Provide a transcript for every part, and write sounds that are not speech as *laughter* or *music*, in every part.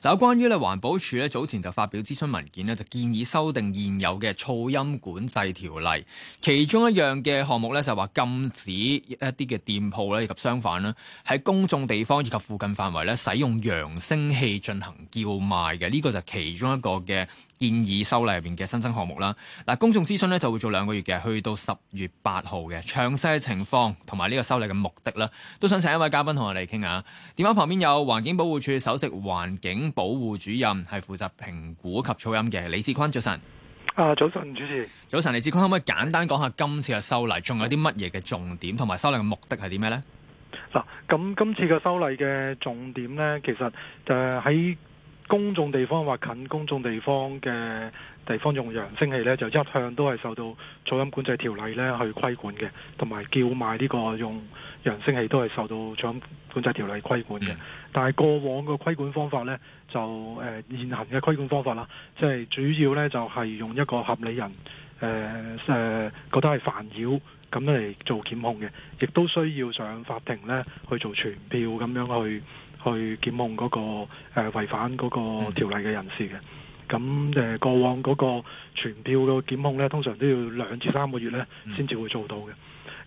嗱，關於咧環保署咧早前就發表諮詢文件咧，就建議修訂現有嘅噪音管制條例，其中一樣嘅項目咧就係話禁止一啲嘅店鋪咧以及商販啦喺公眾地方以及附近範圍咧使用揚聲器進行叫賣嘅，呢個就係其中一個嘅，建議修例入邊嘅新增項目啦，嗱，公眾諮詢呢就會做兩個月嘅，去到十月八號嘅。詳細情況同埋呢個修例嘅目的啦，都想請一位嘉賓同我哋傾下。電話旁邊有環境保護署首席環境保護主任，係負責評估及噪音嘅李志坤，早晨。啊，早晨，主持。早晨，李志坤，可唔可以簡單講下今次嘅修例，仲有啲乜嘢嘅重點，同埋修例嘅目的係點咩呢？嗱、啊，咁今次嘅修例嘅重點呢，其實就係喺～公眾地方或近公眾地方嘅地方用揚聲器呢，就一向都係受到噪音管制條例呢去規管嘅，同埋叫賣呢個用揚聲器都係受到噪音管制條例規管嘅。但係過往嘅規管方法呢，就誒、呃、現行嘅規管方法啦，即係主要呢，就係、是、用一個合理人誒誒、呃呃、覺得係煩擾咁嚟做檢控嘅，亦都需要上法庭呢去做傳票咁樣去。去檢控嗰、那個誒、呃、違反嗰個條例嘅人士嘅，咁誒、呃、過往嗰個傳票嘅檢控呢，通常都要兩至三個月呢先至會做到嘅。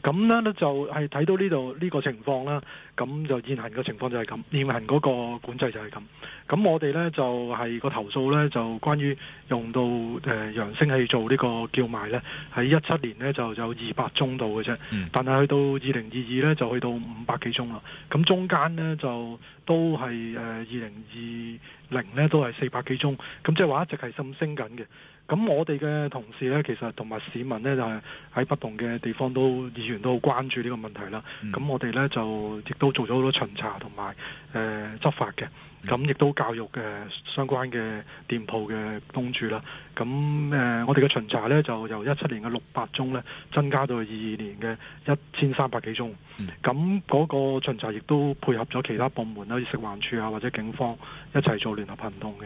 咁呢就係睇到呢度呢個情況啦，咁就現行嘅情況就係咁，現行嗰個管制就係咁。咁我哋呢就係、是、個投訴呢，就關於用到誒、呃、揚聲器做呢個叫賣呢。喺一七年呢就有二百宗度嘅啫，但係去到二零二二呢，就去到五百幾宗啦。咁中間呢就都係誒二零二零呢，都係四百幾宗，咁即係話一直係咁升緊嘅。咁我哋嘅同事咧，其實同埋市民咧，就係喺不同嘅地方都議員都好關注呢個問題啦。咁、嗯、我哋咧就亦都做咗好多巡查同埋。誒、呃、執法嘅，咁亦都教育嘅、呃、相關嘅店鋪嘅東主啦。咁誒、呃，我哋嘅巡查呢，就由一七年嘅六百宗呢，增加到二二年嘅一千三百幾宗。咁嗰、嗯那個巡查亦都配合咗其他部門啦，例如食環署啊、或者警方一齊做聯合行動嘅。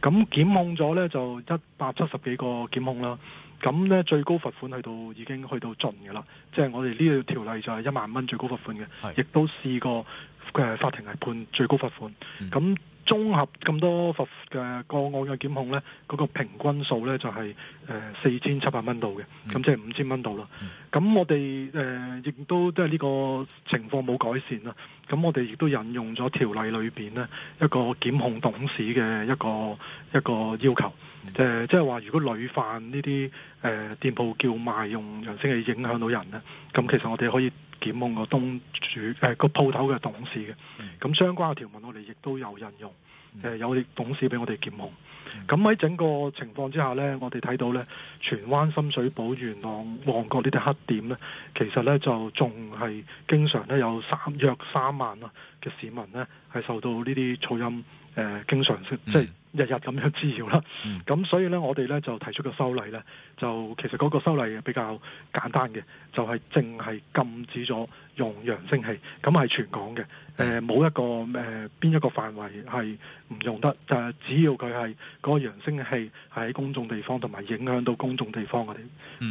咁、嗯、檢控咗呢，就一百七十幾個檢控啦。咁呢最高罰款去到已經去到盡嘅啦，即、就、係、是、我哋呢條條例就係一萬蚊最高罰款嘅，亦是都試過。法庭係判最高罰款，咁綜、嗯、合咁多罰嘅個案嘅檢控呢，嗰、那個平均數呢就係誒四千七百蚊度嘅，咁即係五千蚊度啦。咁我哋誒亦都即係呢個情況冇改善啦。咁我哋亦都引用咗條例裏邊呢一個檢控董事嘅一個一個要求，嗯呃、即係話如果累犯呢啲誒店鋪叫賣用揚聲器影響到人咧，咁其實我哋可以。檢控個東主誒、呃、個鋪頭嘅董事嘅，咁相關嘅條文我哋亦都有引用，誒、呃、有啲董事俾我哋檢控。咁、嗯、喺整個情況之下呢，我哋睇到呢，荃灣、深水埗、元朗、旺角呢啲黑點呢，其實呢就仲係經常呢有三約三萬啊嘅市民呢係受到呢啲噪音誒、呃、經常性即係，日日咁樣滋擾啦，咁、嗯、所以呢，我哋呢就提出個修例咧，就其實嗰個修例比較簡單嘅，就係淨係禁止咗用揚聲器，咁係全港嘅，誒、呃、冇一個誒邊、呃、一個範圍係唔用得，就係、是、只要佢係嗰個揚聲器喺公眾地方同埋影響到公眾地方嗰啲，嗰、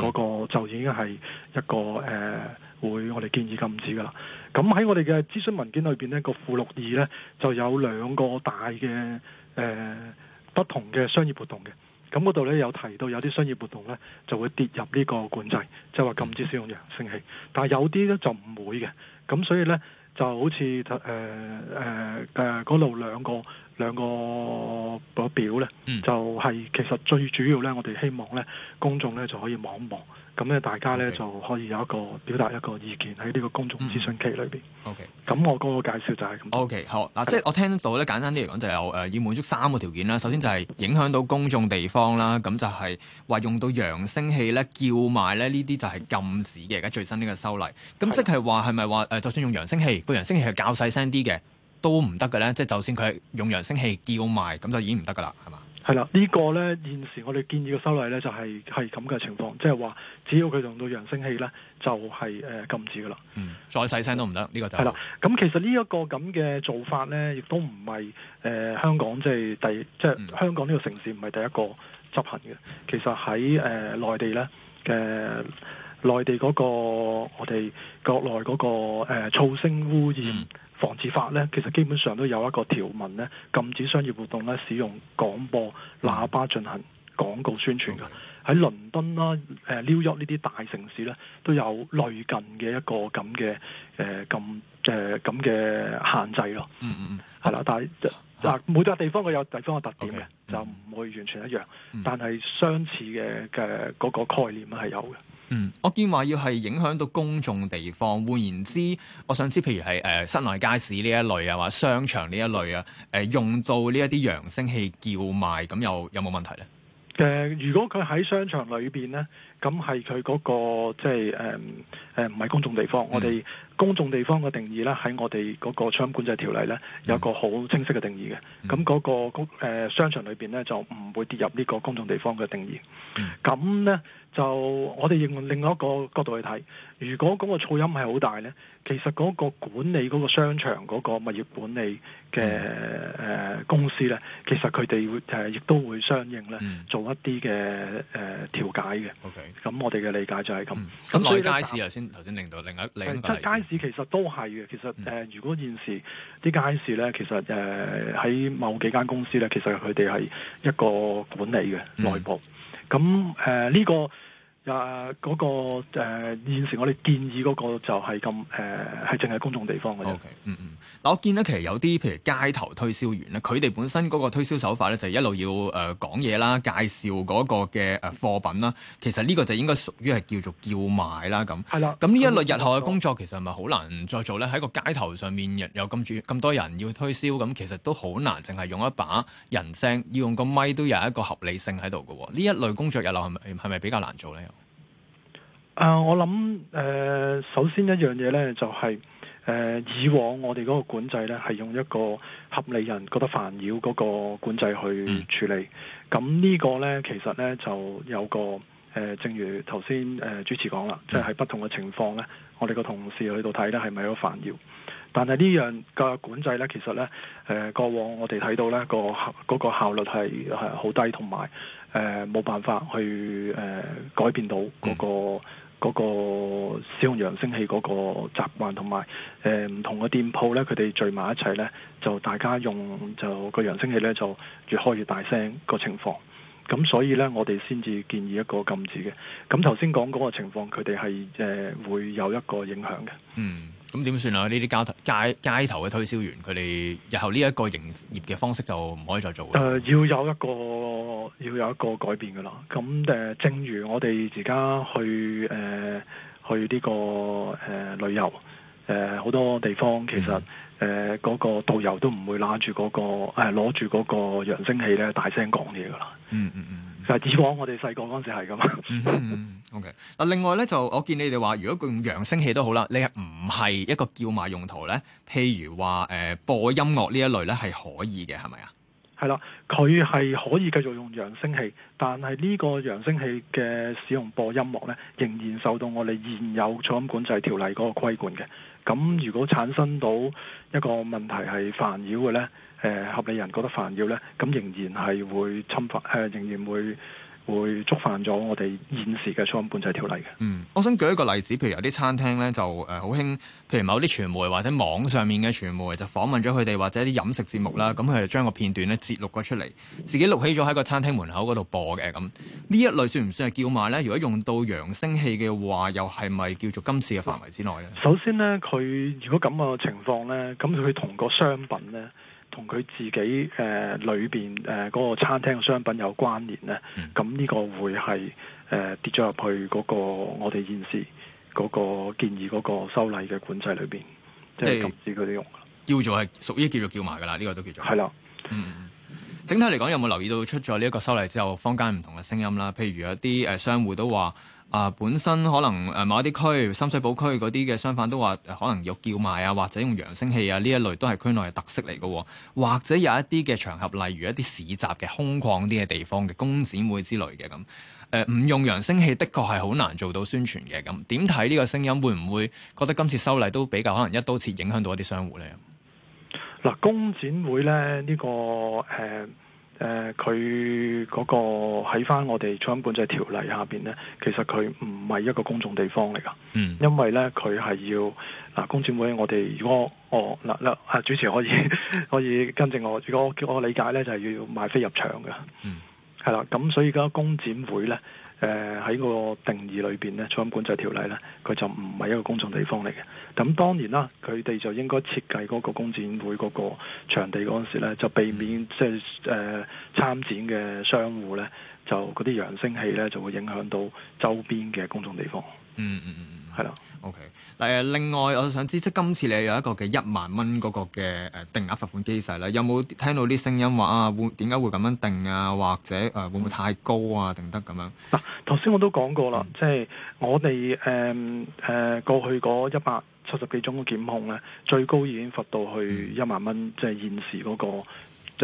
那個就已經係一個誒、呃、會我哋建議禁止㗎喇。咁、嗯、喺我哋嘅諮詢文件裏邊、那個、呢個附錄二呢就有兩個大嘅。誒、呃、不同嘅商業活動嘅，咁嗰度咧有提到有啲商業活動咧就會跌入呢個管制，即係話禁止使用揚聲器，但係有啲咧就唔會嘅，咁所以咧就好似誒誒誒嗰度兩個兩個表咧，就係、是、其實最主要咧，我哋希望咧公眾咧就可以望一望。咁咧，大家咧 Okay. 就可以有一個表達一個意見喺呢個公眾諮詢期裏邊。OK，咁我嗰個介紹就係咁。OK，好嗱，的即係我聽到咧，簡單啲嚟講，就有誒要滿足三個條件啦。首先就係影響到公眾地方啦，咁就係話用到揚聲器咧，叫埋叫賣咧，呢啲就係禁止嘅。而家最新呢個修例，咁即係話係咪話誒，就算用揚聲器，個揚聲器係較細聲啲嘅，都唔得嘅咧。即係就算佢用揚聲器叫賣，咁就已經唔得噶啦，係嘛？係啦，這個、呢個咧現時我哋建議嘅修例咧就係係咁嘅情況，即係話只要佢用到揚聲器咧，就係、是、誒、呃、禁止噶啦。嗯，再細聲都唔得，呢、這個就係啦。咁、嗯、其實呢一個咁嘅做法咧，亦都唔係誒香港即係第即係香港呢個城市唔係第一個執行嘅。其實喺誒、呃、內地咧嘅、呃、內地嗰、那個我哋國內嗰、那個噪聲、呃、污染。嗯防止法咧，其實基本上都有一個條文咧，禁止商業活動咧使用廣播喇叭進行廣告宣傳嘅。喺 Okay. 倫敦啦、New York 呢啲大城市咧，都有類近嘅一個咁嘅誒咁誒咁嘅限制咯。嗯嗯嗯，係啦，hmm.，但係嗱，Okay. 每個地方佢有地方嘅特點嘅，okay. mm hmm. 就唔會完全一樣，mm hmm. 但係相似嘅嘅嗰個概念係有嘅。嗯，我見話要係影響到公眾地方，換言之，我想知，譬如係誒、呃、室內街市呢一類啊，或者商場呢一類啊，誒、呃、用到呢一啲揚聲器叫賣，咁又有冇問題呢？誒、呃，如果佢喺商場裏邊呢。咁係佢嗰個即係誒、誒、唔係公眾地方。我哋公眾地方嘅定義咧，喺我哋嗰個噪音管制條例咧，有個好清晰嘅定義嘅。咁嗰個公、誒、商場裏邊咧，就唔會跌入呢個公眾地方嘅定義。咁咧，就我哋用另外一個角度去睇，如果嗰個噪音係好大咧，其實嗰個管理嗰個商場嗰個物業管理嘅、誒、公司咧，其實佢哋會、誒、亦都會相應咧，做一啲嘅、誒、調解嘅。咁我哋嘅理解就係咁。咁、嗯、內街市啊，頭先頭先令到另一另一個街市其實都係嘅。其實誒，嗯、如果現時啲街市咧，其實誒喺、呃、某幾間公司咧，其實佢哋係一個管理嘅內部。咁誒呢個。啊，嗰、那個誒、呃、現時我哋建議嗰個就係咁誒，係淨係公眾地方嘅啫、Okay. 嗯。嗯嗯，嗱我見到其實有啲譬如街頭推銷員咧，佢哋本身嗰個推銷手法咧，就係一路要誒、呃、講嘢啦，介紹嗰個嘅誒貨品啦。其實呢個就應該屬於係叫做叫賣啦咁。係啦。咁呢的一類日後嘅工作其實係咪好難再做咧？喺個街頭上面又有咁主咁多人要推銷，咁其實都好難，淨係用一把人聲，要用個咪都有一個合理性喺度嘅。呢一類工作日後係咪係咪比較難做咧？啊，我諗誒、呃，首先一樣嘢咧，就係、是、誒、呃、以往我哋嗰個管制咧，係用一個合理人覺得煩擾嗰個管制去處理。咁、嗯、呢個咧，其實咧就有個誒、呃，正如頭先誒主持講啦，即係喺不同嘅情況咧，嗯、我哋個同事去到睇咧，係咪有煩擾？但係呢樣嘅管制咧，其實咧誒、呃、過往我哋睇到咧、那個嗰、那個、效率係係好低，同埋誒冇辦法去誒、呃、改變到嗰、那個。嗰個使用揚聲器嗰個習慣，呃、同埋誒唔同嘅店鋪咧，佢哋聚埋一齊咧，就大家用就個揚聲器咧，就越開越大聲個情況。咁所以咧，我哋先至建議一個禁止嘅。咁頭先講嗰個情況，佢哋係誒會有一個影響嘅。嗯。咁點算啊？呢啲街頭街街頭嘅推銷員，佢哋日後呢一個營業嘅方式就唔可以再做。誒、呃，要有一個要有一個改變噶啦。咁誒，正如我哋而家去誒、呃、去呢個誒旅遊，誒、呃、好多地方其實誒嗰、嗯呃嗰個導遊都唔會攬住嗰個攞住嗰個揚聲器咧，大聲講嘢噶啦。嗯嗯嗯。以往我哋細個嗰陣時係咁、嗯嗯。OK，嗱、啊、另外咧就我見你哋話，如果用揚聲器都好啦，你係唔係一個叫賣用途咧？譬如話誒、呃、播音樂呢一類咧，係可以嘅，係咪啊？係啦，佢係可以繼續用揚聲器，但係呢個揚聲器嘅使用播音樂咧，仍然受到我哋現有噪音管制條例嗰個規管嘅。咁如果產生到一個問題係煩擾嘅咧？誒合理人覺得煩擾咧，咁仍然係會侵犯，誒仍然會會觸犯咗我哋現時嘅噪音管制條例嘅。嗯，我想舉一個例子，譬如有啲餐廳咧就誒好興，譬如某啲傳媒或者網上面嘅傳媒就訪問咗佢哋，或者啲飲食節目啦，咁佢就將個片段咧截錄咗出嚟，自己錄起咗喺個餐廳門口嗰度播嘅咁。呢一類算唔算係叫賣咧？如果用到揚聲器嘅話，又係咪叫做今次嘅範圍之內咧？首先咧，佢如果咁嘅個情況咧，咁佢同個商品咧，同佢自己誒裏邊誒嗰個餐廳嘅商品有關聯咧，咁呢、嗯、個會係誒、呃、跌咗入去嗰個我哋現時嗰個建議嗰個修例嘅管制裏邊，即、就、係、是、禁止佢哋用。叫做係屬於叫做叫埋噶啦，呢、這個都叫做係啦。的嗯，嗯整體嚟講有冇留意到出咗呢一個修例之後，坊間唔同嘅聲音啦？譬如有啲誒商戶都話。啊、呃，本身可能誒某一啲區深水埗區嗰啲嘅商販都話、呃，可能要叫賣啊，或者用揚聲器啊呢一類都係區內嘅特色嚟嘅、哦，或者有一啲嘅場合，例如一啲市集嘅空曠啲嘅地方嘅工展會之類嘅咁，誒唔、呃、用揚聲器，的確係好難做到宣傳嘅咁。點睇呢個聲音會唔會覺得今次修例都比較可能一刀切影響到一啲商戶咧？嗱、呃，工展會咧呢、呢個誒。呃誒佢嗰個喺翻我哋《噪音管制條例》下邊咧，其實佢唔係一個公眾地方嚟㗎。嗯，因為咧佢係要嗱工展會，我哋如果哦，嗱嗱啊主持可以 *laughs* 可以跟正我，如果我我理解咧就係、是、要買飛入場嘅。嗯，係啦，咁所以而家工展會咧。誒喺、呃、個定義裏邊呢，噪音管制條例呢，佢就唔係一個公眾地方嚟嘅。咁、嗯、當然啦，佢哋就應該設計嗰個公展會嗰個場地嗰陣時咧，就避免即係誒參展嘅商戶呢，就嗰啲揚聲器呢，就會影響到周邊嘅公眾地方。嗯嗯嗯。嗯嗯係咯，OK 嗱、呃。另外，我想知即今次你有一個嘅一萬蚊嗰個嘅誒定額罰款機制咧，有冇聽到啲聲音話啊？點解會咁樣定啊？或者誒、呃、會唔會太高啊？定得咁樣？嗱，頭先、嗯、我都講過啦，即係我哋誒誒過去嗰一百七十幾宗嘅檢控咧，最高已經罰到去一萬蚊，即、就、係、是、現時嗰、那個、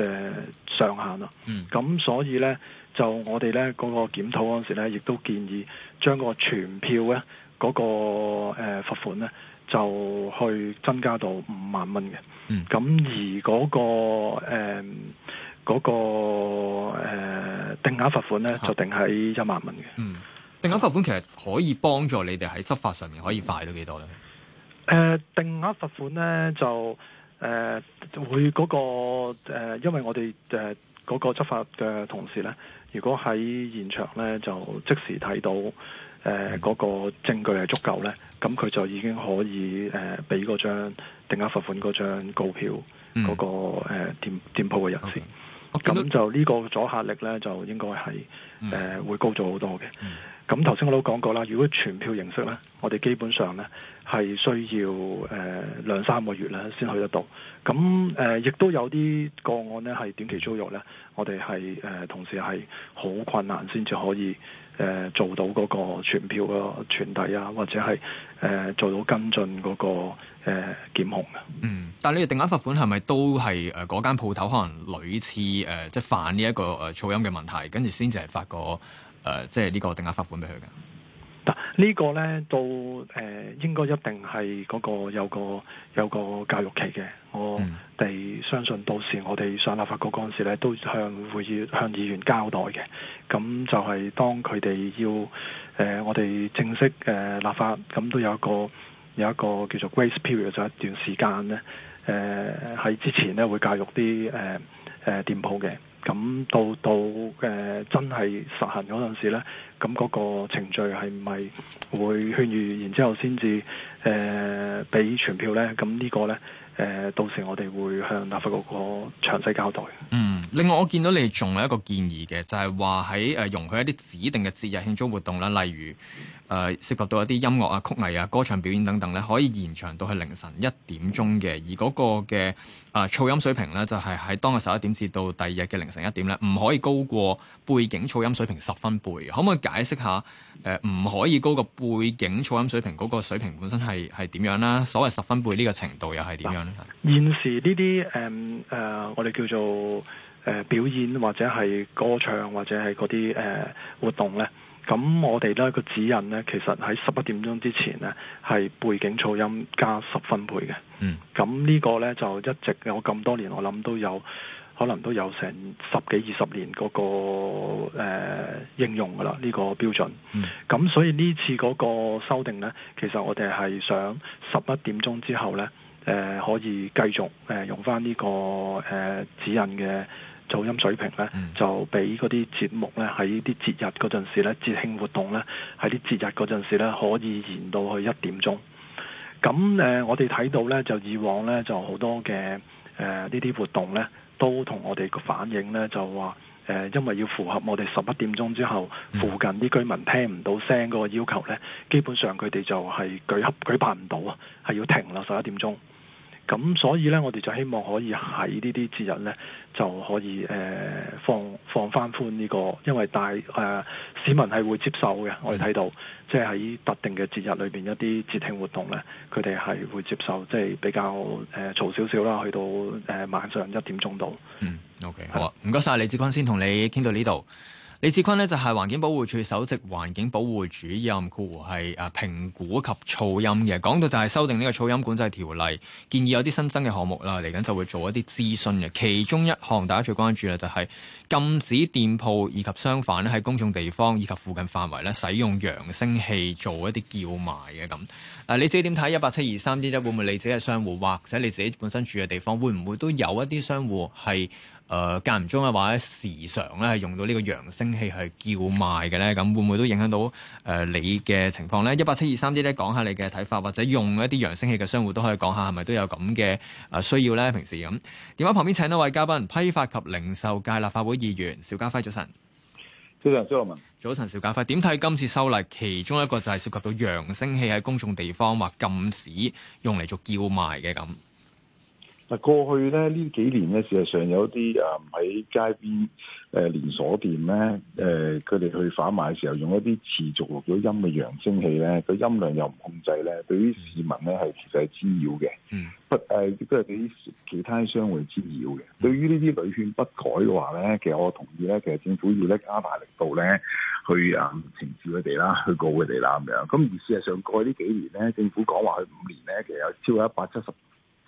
呃、上限啦。嗯，咁所以咧，就我哋咧嗰個檢討嗰陣時咧，亦都建議將個全票咧。嗰個誒罰款咧，就去增加到五萬蚊嘅。嗯。咁而嗰個誒嗰個誒定額罰款咧，就定喺一萬蚊嘅。嗯。定額罰款其實可以幫助你哋喺執法上面可以快到幾多咧？誒，定額罰款咧就誒會嗰個誒，因為我哋誒嗰個執法嘅同事咧，如果喺現場咧就即時睇到。誒嗰、呃嗯、個證據係足夠咧，咁佢就已經可以誒俾嗰張定額罰款嗰張告票嗰、嗯那個、呃、店店鋪嘅人士。咁 Okay. 就呢個阻嚇力咧，就應該係誒、呃、會高咗好多嘅。咁頭先我都講過啦，如果全票形式咧，我哋基本上咧係需要誒、呃、兩三個月咧先去得到。咁誒亦都有啲個案咧係短期租約咧，我哋係誒同時係好困難先至可以。誒做到嗰個傳票嘅傳遞啊，或者係誒、呃、做到跟進嗰、那個誒、呃、檢控嘅。嗯，但係你哋定額罰款係咪都係誒嗰間鋪頭可能屢次誒即係犯呢、這、一個誒噪、呃、音嘅問題，跟住先至係發個誒、呃、即係呢個定額罰款俾佢㗎？呢個呢，到誒、呃、應該一定係嗰個有個有個教育期嘅。我哋相信到時我哋上立法局嗰陣時咧，都向會議向議員交代嘅。咁就係當佢哋要誒、呃，我哋正式誒、呃、立法，咁都有一個有一個叫做 grace period 就一段時間呢，誒、呃、喺之前呢會教育啲誒誒店舖嘅。呃呃咁到到誒、呃，真係實行嗰陣時咧，咁嗰個程序係咪會勸喻然，然之後先至誒俾傳票咧？咁呢個咧？誒，到時我哋會向立法局個詳細交代。嗯，另外我見到你仲有一個建議嘅，就係話喺誒容許一啲指定嘅節日慶祝活動啦，例如誒、呃、涉及到一啲音樂啊、曲藝啊、歌唱表演等等咧，可以延長到去凌晨一點鐘嘅。而嗰個嘅啊、呃、噪音水平咧，就係、是、喺當日十一點至到第二日嘅凌晨一點咧，唔可以高過背景噪音水平十分貝。可唔可以解釋下誒唔、呃、可以高過背景噪音水平嗰個水平本身係係點樣啦？所謂十分貝呢個程度又係點樣？現時呢啲誒誒，我哋叫做誒、呃、表演或者係歌唱或者係嗰啲誒活動咧，咁我哋咧個指引咧，其實喺十一點鐘之前咧係背景噪音加十分貝嘅。嗯，咁呢個咧就一直有咁多年我諗都有，可能都有成十幾二十年嗰、那個誒、呃、應用噶啦呢個標準。嗯，咁所以呢次嗰個修訂咧，其實我哋係想十一點鐘之後咧。誒、呃、可以繼續誒、呃、用翻、這、呢個誒、呃、指引嘅噪音水平咧，就俾嗰啲節目咧喺啲節日嗰陣時咧，節慶活動咧喺啲節日嗰陣時咧可以延到去一點鐘。咁誒、呃，我哋睇到咧就以往咧就好多嘅誒呢啲活動咧都同我哋嘅反映咧就話誒、呃，因為要符合我哋十一點鐘之後附近啲居民聽唔到聲嗰個要求咧，基本上佢哋就係舉舉辦唔到啊，係要停啦十一點鐘。咁所以咧，我哋就希望可以喺呢啲節日咧，就可以誒、呃、放放翻寬呢、這個，因為大誒、呃、市民係會接受嘅。我哋睇到，即係喺特定嘅節日裏邊一啲節慶活動咧，佢哋係會接受，即、就、係、是、比較誒嘈少少啦，去到誒、呃、晚上一點鐘到。嗯，OK，好，唔該晒，李志坤，先同你傾到呢度。李志坤咧就係環境保護署首席環境保護主任，佢係啊評估及噪音嘅。講到就係修訂呢個噪音管制條例，建議有啲新增嘅項目啦，嚟緊就會做一啲諮詢嘅。其中一項大家最關注嘅就係禁止店鋪以及商販咧喺公眾地方以及附近範圍咧使用揚聲器做一啲叫賣嘅咁。嗱，你自己點睇一百七二三呢？會唔會你自己嘅商戶，或者你自己本身住嘅地方，會唔會都有一啲商戶係誒間唔中啊，或者時常咧用到呢個揚聲器去叫賣嘅咧？咁會唔會都影響到誒、呃、你嘅情況咧？一百七二三呢？講下你嘅睇法，或者用一啲揚聲器嘅商戶都可以講下，係咪都有咁嘅誒需要咧？平時咁，電話旁邊請一位嘉賓，批發及零售界立法會議員邵家輝早晨。早晨，邵家輝。快點睇今次修例，其中一個就係涉及到揚聲器喺公眾地方或禁止用嚟做叫賣嘅咁。嗱，過去咧呢幾年咧，事實上有啲啊喺街邊誒、呃、連鎖店咧，誒佢哋去販賣嘅時候，用一啲持續錄咗音嘅揚聲器咧，佢音量又唔控制咧，對於市民咧係其實係滋擾嘅。嗯，不誒、呃、都係俾其他商會滋擾嘅。嗯、對於呢啲屢勸不改嘅話咧，其實我同意咧，其實政府要咧加大力度咧去啊懲治佢哋啦，去告佢哋啦咁樣。咁而事實上過去呢幾年咧，政府講話佢五年咧，其實有超過一百七十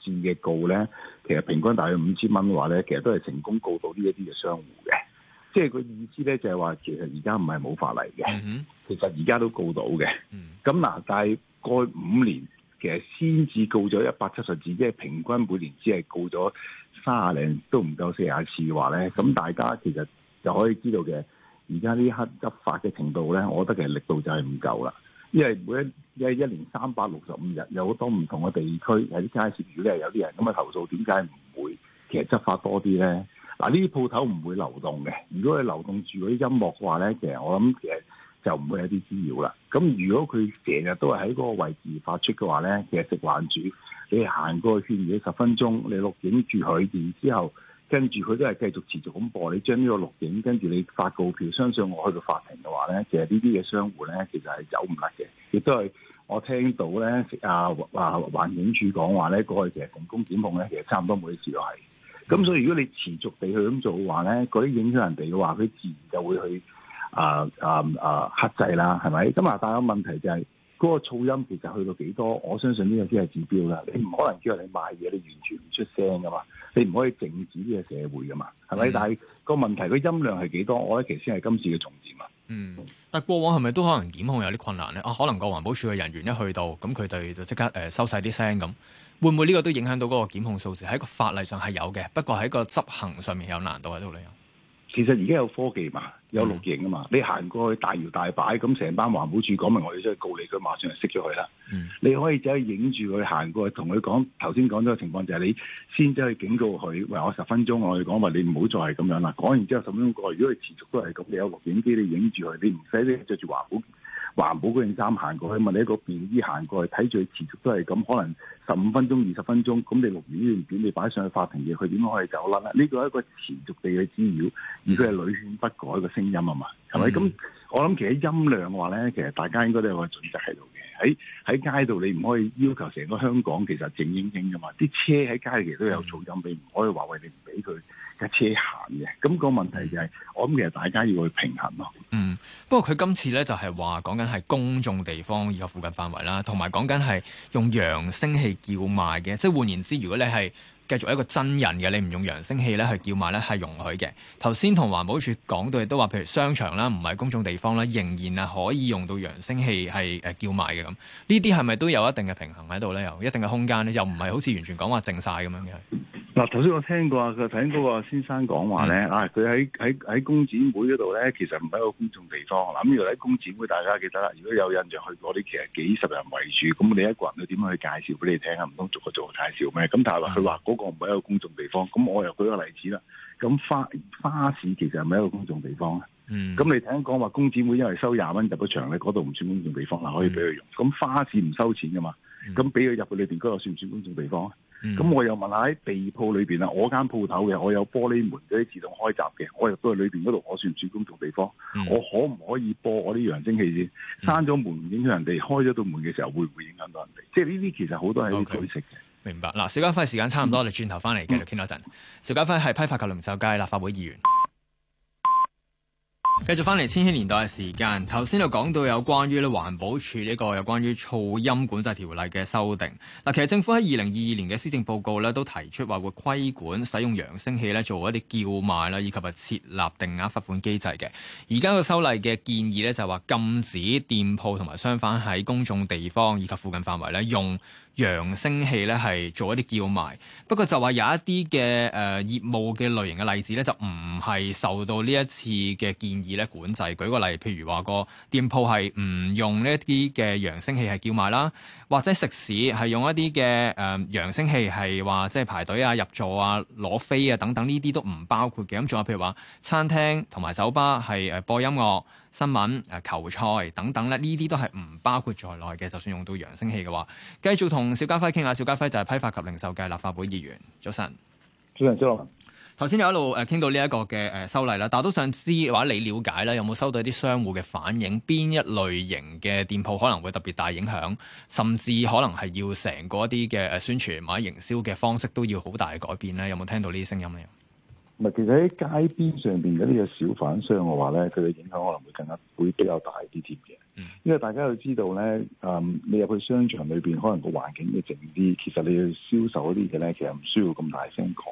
字嘅告咧，其實平均大約五千蚊嘅話咧，其實都係成功告到呢一啲嘅商戶嘅，即係佢意思咧就係話，其實而家唔係冇法例嘅，其實而家都告到嘅。咁嗱，大概五年其實先至告咗一百七十字，即係平均每年只係告咗三十零都唔夠四十次嘅話咧。咁大家其實就可以知道嘅，而家呢一刻執法嘅程度咧，我覺得其實力度就係唔夠啦。因為每一一一年三百六十五日有好多唔同嘅地區，有啲街設語咧，有啲人咁啊投訴，點解唔會其實執法多啲咧？嗱、啊，呢啲鋪頭唔會流動嘅。如果佢流動住嗰啲音樂嘅話咧，其實我諗其實就唔會有啲滋擾啦。咁如果佢成日都係喺嗰個位置發出嘅話咧，其實食環署你行過去勸幾十分鐘，你錄影住佢然之後。跟住佢都係繼續持續咁播，你將呢個錄影跟住你發告票，相信我去到法庭嘅話咧，其實呢啲嘅商戶咧，其實係走唔甩嘅，亦都係我聽到咧，阿、啊、阿、啊啊、環境署講話咧，過去其實公公檢控咧，其實差唔多每件事都係。咁所以如果你持續地去咁做嘅話咧，嗰啲影響人哋嘅話，佢自然就會去啊啊啊克制啦，係咪？咁啊，啊啊但係個問題就係、是。嗰個噪音其實去到幾多？我相信呢個先係指標啦。你唔可能叫人哋賣嘢，你完全唔出聲噶嘛？你唔可以靜止呢個社會噶嘛？係咪？但係個問題，個音量係幾多？我覺得其實先係今次嘅重點啊。嗯，但係過往係咪都可能檢控有啲困難咧？啊，可能個環保署嘅人員一去到，咁佢哋就即刻誒、呃、收晒啲聲咁，會唔會呢個都影響到嗰個檢控數字？喺個法例上係有嘅，不過喺個執行上面有難度喺度嚟。其實而家有科技嘛，有錄影啊嘛，你行過去大搖大擺咁，成班環保署講明我要出去告你，佢馬上就熄咗佢啦。嗯，你可以走去影住佢行過去，同佢講，頭先講咗個情況就係你先走去警告佢，喂，我十分鐘我要講話，你唔好再係咁樣啦。講完之後十分鐘過，如果佢持續都係咁，你有錄影機你影住佢，你唔使你着住環保。環保嗰件衫行過去，問你喺嗰邊衣行過去，睇住佢持續都係咁，可能十五分鐘、二十分鐘，咁你錄完呢段片，你擺上去法庭嘅，佢點可以走甩咧？呢個係一個持續地去滋擾，而佢係屢勸不改嘅聲音啊嘛，係咪？咁、mm hmm. 我諗其實音量嘅話咧，其實大家應該都有個準則喺度。喺，喺街度，你唔可以要求成個香港其實靜英英噶嘛？啲車喺街度都有噪音，你唔可以話喂，你唔俾佢架車行嘅。咁個問題就係，我諗其實大家要去平衡咯。嗯，不過佢今次咧就係話講緊係公眾地方以及附近範圍啦，同埋講緊係用揚聲器叫賣嘅。即係換言之，如果你係，繼續一個真人嘅，你唔用揚聲器咧，去叫賣咧係容許嘅。頭先同環保署講到亦都話，譬如商場啦，唔係公眾地方啦，仍然啊可以用到揚聲器係誒叫賣嘅。咁。呢啲係咪都有一定嘅平衡喺度咧？有一定嘅空間咧，又唔係好似完全講話靜晒咁樣嘅。 *laughs* 嗱，頭先我聽過啊，佢頭先嗰個先生講話咧，嗯、啊，佢喺喺喺工展會嗰度咧，其實唔係一個公眾地方。咁、啊、如果喺工展會，大家記得啦，如果有印象，去嗰啲其實幾十人圍住，咁你一個人要點樣去介紹俾你聽啊？唔通逐個逐個介紹咩？咁但係話佢話嗰個唔係一個公眾地方，咁我又舉個例子啦。咁花花市其實係咪一個公眾地方咧？咁、嗯、你聽講話工展會因為收廿蚊入咗場咧，嗰度唔算公眾地方啦，可以俾佢用。咁、嗯、花市唔收錢噶嘛，咁俾佢入去裏邊嗰度算唔算公眾地方咧？咁、嗯嗯、我又問下喺地鋪裏邊啦，我間鋪頭嘅我有玻璃門嗰啲自動開閘嘅，我入到去裏邊嗰度，我算唔算公眾地方？嗯、我可唔可以播我啲揚聲器先？閂咗門影響人哋，開咗道門嘅時候會唔會影響到人哋？即係呢啲其實好多係要舉證嘅。Okay，明白嗱，邵家輝時間差唔多，你、嗯、轉頭翻嚟繼續傾多陣。邵家輝係批發及零售界立法會議員。繼續翻嚟千禧年代嘅時間，頭先就講到有關於咧環保署呢個有關於噪音管制條例嘅修訂。嗱，其實政府喺二零二二年嘅施政報告呢都提出話會規管使用揚聲器呢做一啲叫賣啦，以及係設立定額罰款機制嘅。而家個修例嘅建議呢，就係話禁止店鋪同埋商販喺公眾地方以及附近範圍呢用。揚聲器咧係做一啲叫賣，不過就話有一啲嘅誒業務嘅類型嘅例子咧，就唔係受到呢一次嘅建議咧管制。舉個例，譬如話個店鋪係唔用呢一啲嘅揚聲器係叫賣啦，或者食肆係用一啲嘅誒揚聲器係話即係排隊啊、入座啊、攞飛啊等等呢啲都唔包括嘅。咁仲有譬如話餐廳同埋酒吧係誒播音樂、新聞、誒、啊、球賽等等咧，呢啲都係唔包括在內嘅。就算用到揚聲器嘅話，繼續同邵家輝傾下。邵家輝就係批發及零售界立法會議員。早晨，早晨，朱樂。頭先有一路誒傾到呢一個嘅誒修例啦，大家都想知或者你了解咧，有冇收到啲商戶嘅反應？邊一類型嘅店鋪可能會特別大影響，甚至可能係要成個一啲嘅宣傳或者營銷嘅方式都要好大改變咧？有冇聽到呢啲聲音咧？其實喺街邊上邊嗰啲嘅小販商嘅話咧，佢嘅影響可能會更加會比較大啲添嘅。因為大家都知道咧，誒、嗯，你入去商場裏邊，可能個環境會靜啲，其實你去銷售嗰啲嘢咧，其實唔需要咁大聲講。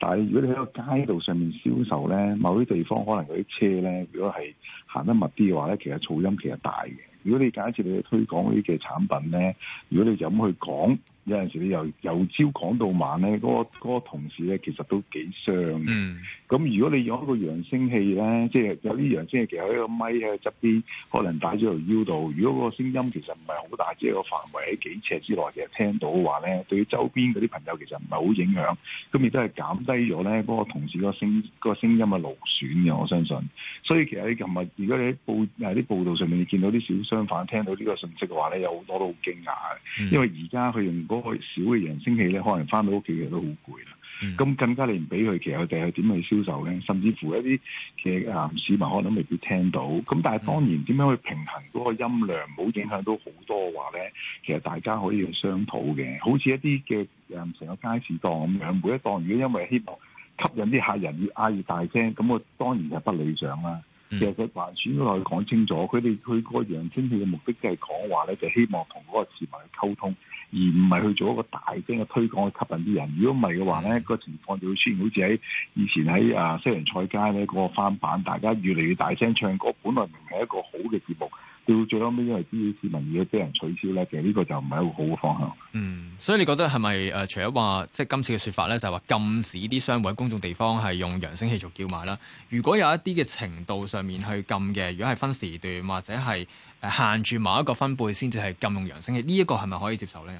但係如果你喺個街道上，上面銷售咧，某啲地方可能嗰啲車咧，如果係行得密啲嘅話咧，其實噪音其實大嘅。如果你假設你去推廣嗰啲嘅產品咧，如果你就咁去講。有陣時你由由朝講到晚咧，嗰、嗰個同事咧，其實都幾傷嘅。咁、mm. 如果你用一個揚聲器咧，即係有啲揚聲器其實喺個咪、喺側邊，可能戴咗條腰度。如果個聲音其實唔係好大，只係個範圍喺幾尺之內其實聽到嘅話咧，對於周邊嗰啲朋友其實唔係好影響，咁亦都係減低咗咧嗰個同事個聲、個聲音嘅勞損嘅。我相信。所以其實你琴日如果你喺誒啲報道上面你見到啲小商販聽到呢個訊息嘅話咧，有好多都好驚訝嘅，因為而家佢用。多少嘅揚聲器咧，可能返到屋企嘅都好攰啦。咁更加你唔俾佢，其實佢哋係點去銷售咧？甚至乎一啲嘅、嗯、市民可能未必聽到。咁但係當然，點樣去平衡嗰個音量，唔好影響到好多話咧？其實大家可以去商討嘅。好似一啲嘅誒成個街市檔咁樣，每一檔如果因為希望吸引啲客人，越嗌越大聲，咁我當然就不理想啦。其實還算落去講，清楚佢哋佢個揚聲器嘅目的都係講話咧，就希望同嗰個市民去溝通，而唔係去做一個大聲嘅推廣去吸引啲人。如果唔係嘅話咧，個情況就會出現，好似喺以前喺啊西洋菜街咧嗰個翻版，大家越嚟越大聲唱歌，本來唔係一個好嘅節目。叫最後尾因為啲市民如果俾人取消咧，其實呢個就唔係一個好嘅方向。嗯，所以你覺得係咪誒？除咗話即係今次嘅説法咧，就係、是、話禁止啲商戶喺公眾地方係用揚聲器做叫賣啦。如果有一啲嘅程度上面去禁嘅，如果係分時段或者係誒限住某一個分配先至係禁用揚聲器，呢、這、一個係咪可以接受咧？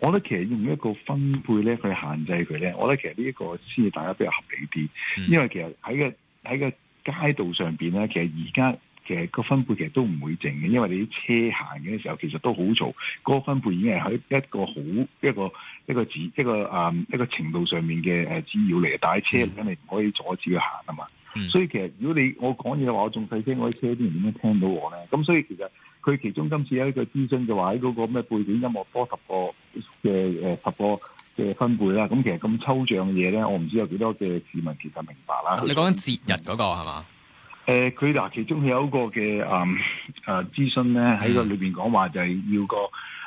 我覺得其實用一個分配咧去限制佢咧，我覺得其實呢一個先至大家比較合理啲，嗯、因為其實喺個喺個街道上邊咧，其實而家。其實個分配其實都唔會靜嘅，因為你啲車行嘅時候，其實都好嘈。嗰個分貝已經係喺一個好一個一個字一個啊、嗯、一個程度上面嘅誒指標嚟。但係車真係唔可以阻止佢行啊嘛。所以其實如果你我講嘢嘅話，我仲細聲，我啲車啲人點樣聽到我咧？咁所以其實佢其中今次有一個諮詢就話喺嗰、那個咩背景音樂多十個嘅誒十個嘅分貝啦。咁其實咁抽象嘅嘢咧，我唔知有幾多嘅市民其實明白啦。你講緊節日嗰個係嘛？誒佢嗱，其中佢有一個嘅誒誒諮詢咧，喺個裏邊講話就係要個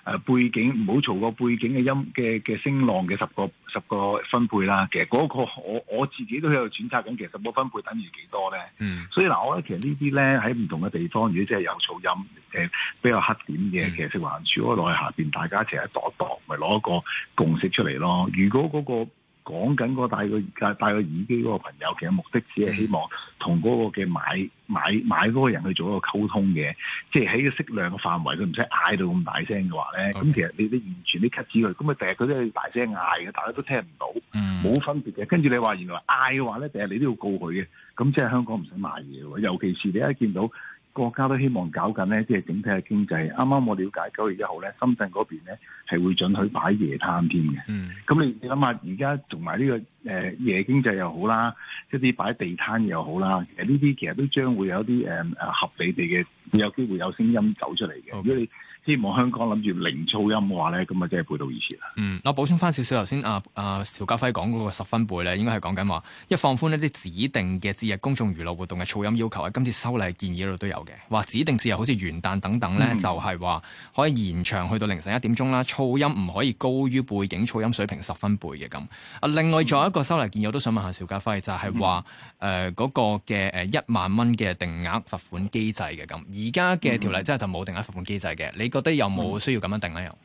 誒背景，唔好嘈個背景嘅音嘅嘅聲浪嘅十個十個分配啦。其實嗰、那個我我自己都喺度揣測緊，其實嗰個分配等於幾多咧？嗯，所以嗱，我覺得其實呢啲咧喺唔同嘅地方，如果真係有噪音誒、呃、比較黑點嘅，嗯、其實食環署落去下邊大家一齊度一度，咪攞一個共識出嚟咯。如果嗰、那個講緊個戴個戴戴個耳機嗰個朋友，其實目的只係希望同嗰個嘅買買買嗰個人去做一個溝通嘅，即係喺個適量嘅範圍，佢唔使嗌到咁大聲嘅話咧。咁 Okay. 其實你你完全你 cut 住佢，咁啊第日佢都要大聲嗌嘅，大家都聽唔到，冇、mm. 分別嘅。跟住你話原來嗌嘅話咧，第日你都要告佢嘅。咁即係香港唔使賣嘢喎，尤其是你一見到。國家都希望搞緊呢，即係整體嘅經濟。啱啱我了解九月一號咧，深圳嗰邊咧係會準許擺夜攤添嘅。嗯，咁你你諗下，而家同埋呢個誒、呃、夜經濟又好啦，一啲擺地攤又好啦，其實呢啲其實都將會有啲誒誒合理地嘅，有機會有聲音走出嚟嘅。嗯、如果你希望香港諗住零噪音嘅話咧，咁啊即係背到以前啦。嗯，我補充翻少少，頭先啊啊邵家輝講嗰個十分貝咧，應該係講緊話，一放寬呢啲指定嘅節日公眾娛樂活動嘅噪音要求，喺今次修例建議裏度都有嘅。話指定節日，好似元旦等等咧，嗯、就係話可以延長去到凌晨一點鐘啦，嗯、噪音唔可以高於背景噪音水平十分貝嘅咁。啊，另外仲有一個修例建議，我都想問下邵家輝，就係話誒嗰個嘅誒一萬蚊嘅定額罰款機制嘅咁，而家嘅條例之下就冇定額罰款機制嘅你。覺得有冇需要咁樣定咧？有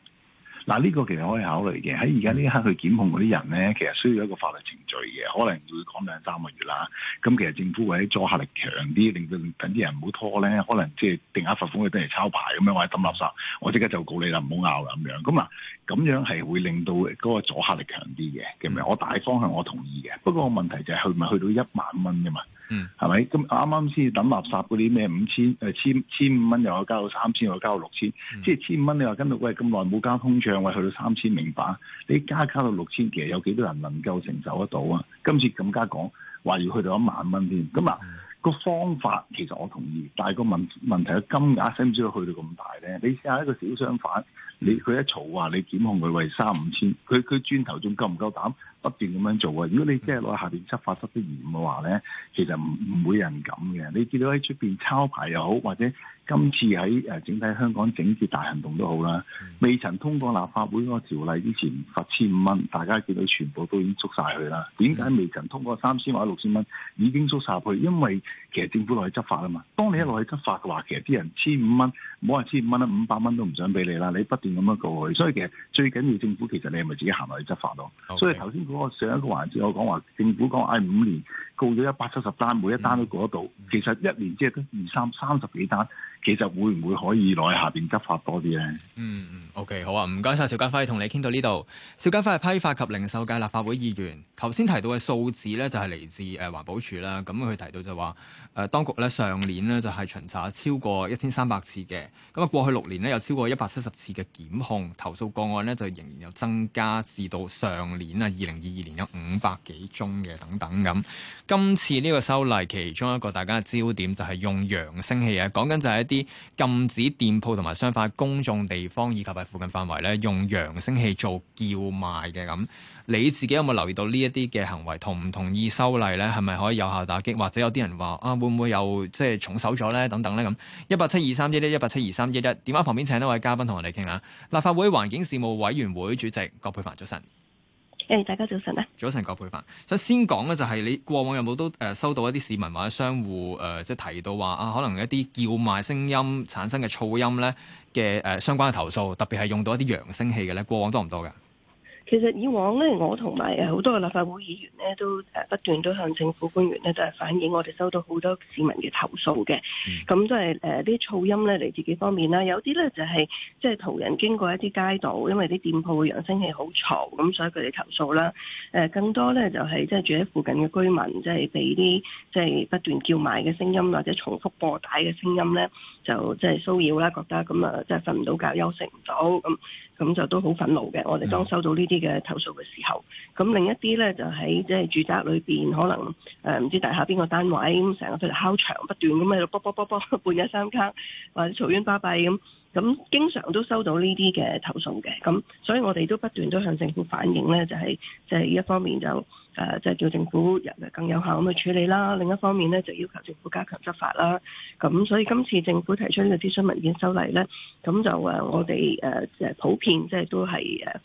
嗱、嗯，呢個其實可以考慮嘅。喺而家呢一刻去檢控嗰啲人咧，其實需要一個法律程序嘅，可能會講兩三個月啦。咁其實政府或者阻嚇力強啲，令到等啲人唔好拖咧，可能即係定下罰款佢都係抄牌咁樣或者抌垃圾，我即刻就告你啦，唔好拗啦咁樣。咁啊，咁樣係會令到嗰個阻嚇力強啲嘅，係咪？我大方向我同意嘅，不過問題就係去唔去到一萬蚊啫嘛。嗯，係咪咁啱啱，先等垃圾嗰啲咩五千誒千千五蚊又加到三千，又加到六千，即係千五蚊。你話跟到喂，咁耐冇加通脹，喂去到三千明白，你加加到六千，其實有幾多人能夠承受得到啊？今次更加講話要去到一萬蚊添。咁、嗯、啊、嗯、個方法其實我同意，但係個問問題嘅金額使唔使去到咁大咧？你試下一個小商販，你佢一嘈話你檢控佢，喂三五千，佢佢轉頭仲夠唔夠膽？不斷咁樣做啊！如果你真係落下邊執法執得嚴嘅話咧，其實唔唔會人咁嘅。你見到喺出邊抄牌又好，或者今次喺誒整體香港整治大行動都好啦，未曾通過立法會個條例之前罰千五蚊，大家見到全部都已經縮晒佢啦。點解未曾通過三千或者六千蚊已經縮晒佢？因為其實政府落去執法啊嘛。當你一落去執法嘅話，其實啲人千五蚊，唔好話千五蚊啦，五百蚊都唔想俾你啦。你不斷咁樣過去，所以其實最緊要政府其實你係咪自己行落去執法咯？所以頭先。上一個環節我講話，政府講嗌五年告咗一百七十單，每一單都告得到。嗯、其實一年即係得二三三十幾單，其實會唔會可以攞喺下邊執法多啲咧？嗯嗯，OK，好啊，唔該晒。邵家輝，同你傾到呢度。邵家輝係批發及零售界立法會議員。頭先提到嘅數字咧，就係、是、嚟自誒環保署啦。咁佢提到就話誒、呃，當局咧上年呢就係、是、巡查超過一千三百次嘅。咁啊，過去六年呢，有超過一百七十次嘅檢控投訴個案呢，就仍然有增加至到上年啊二零二二年有五百幾宗嘅等等咁，今次呢個修例其中一個大家嘅焦點就係用揚聲器啊，講緊就係一啲禁止店鋪同埋商販公眾地方以及係附近範圍咧用揚聲器做叫賣嘅咁、嗯。你自己有冇留意到呢一啲嘅行為？同唔同意修例咧？係咪可以有效打擊？或者有啲人話啊，會唔會又即係重手咗咧？等等咧咁。一八七二三一一、一八七二三一一，電話旁邊請一位嘉賓同我哋傾下。立法會環境事務委員會主席葛珮帆早晨。誒，大家早晨啊！早晨，葛珮帆。首先講咧，就係你過往有冇都誒收到一啲市民或者商戶誒、呃，即係提到話啊，可能一啲叫賣聲音產生嘅噪音咧嘅誒相關嘅投訴，特別係用到一啲揚聲器嘅咧，過往多唔多㗎？其實以往咧，我同埋好多嘅立法會議員咧，都不斷都向政府官員咧，都係反映我哋收到好多市民嘅投訴嘅。咁都係誒啲噪音咧嚟自幾方面啦。有啲咧就係即係途人經過一啲街道，因為啲店鋪嘅揚聲器好嘈，咁所以佢哋投訴啦。誒、呃，更多咧就係即係住喺附近嘅居民，即、就、係、是、被啲即係不斷叫賣嘅聲音或者重複播帶嘅聲音咧，就即係、就是、騷擾啦，覺得咁啊，即係瞓唔到覺，休息唔到咁。咁就都好憤怒嘅，我哋當收到呢啲嘅投訴嘅時候，咁另一啲咧就喺即係住宅裏邊，可能誒唔、呃、知大廈邊個單位咁成日喺度敲牆，不斷咁喺度卜卜卜卜，半夜三更或者嘈冤巴閉咁。咁經常都收到呢啲嘅投訴嘅，咁所以我哋都不斷都向政府反映咧，就係即係一方面就誒，即係叫政府人更有效咁去處理啦；另一方面咧，就要求政府加強執法啦。咁所以今次政府提出呢個諮詢文件修例咧，咁就誒我哋誒即係普遍即係都係誒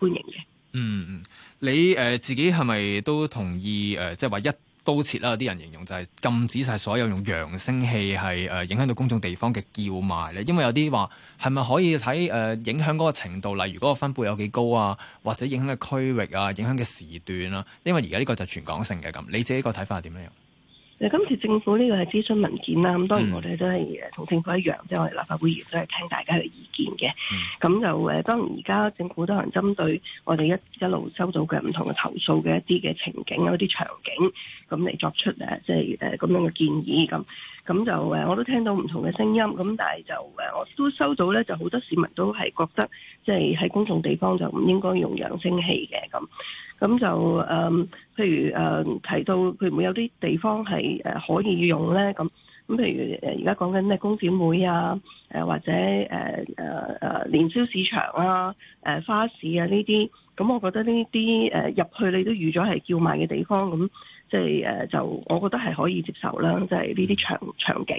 歡迎嘅。嗯嗯，你誒、呃、自己係咪都同意誒，即係話一刀切啦、啊！有啲人形容就係禁止晒所有用揚聲器係誒、呃、影響到公眾地方嘅叫賣咧，因為有啲話係咪可以睇誒、呃、影響嗰個程度，例如嗰個分貝有幾高啊，或者影響嘅區域啊，影響嘅時段啊。因為而家呢個就全港性嘅咁，你自己個睇法係點樣？誒，今次政府呢個係諮詢文件啦，咁當然我哋都係誒同政府一樣，即係、嗯、我哋立法會議員都係聽大家嘅意見嘅，咁、嗯、就誒，當然而家政府都係針對我哋一一路收到嘅唔同嘅投訴嘅一啲嘅情景，有一啲場景，咁嚟作出誒，即係誒咁樣嘅建議咁。咁就誒，我都聽到唔同嘅聲音，咁但係就誒，我都收到咧，就好多市民都係覺得，即係喺公眾地方就唔應該用揚聲器嘅咁。咁就誒、呃，譬如誒、呃、提到，佢會有啲地方係誒、呃、可以用咧，咁咁譬如誒而家講緊咩工展會啊，誒或者誒誒誒年宵市場啊，誒、呃、花市啊呢啲，咁我覺得呢啲誒入去你都預咗係叫賣嘅地方咁。即係誒，就是、我覺得係可以接受啦。即係呢啲場場景，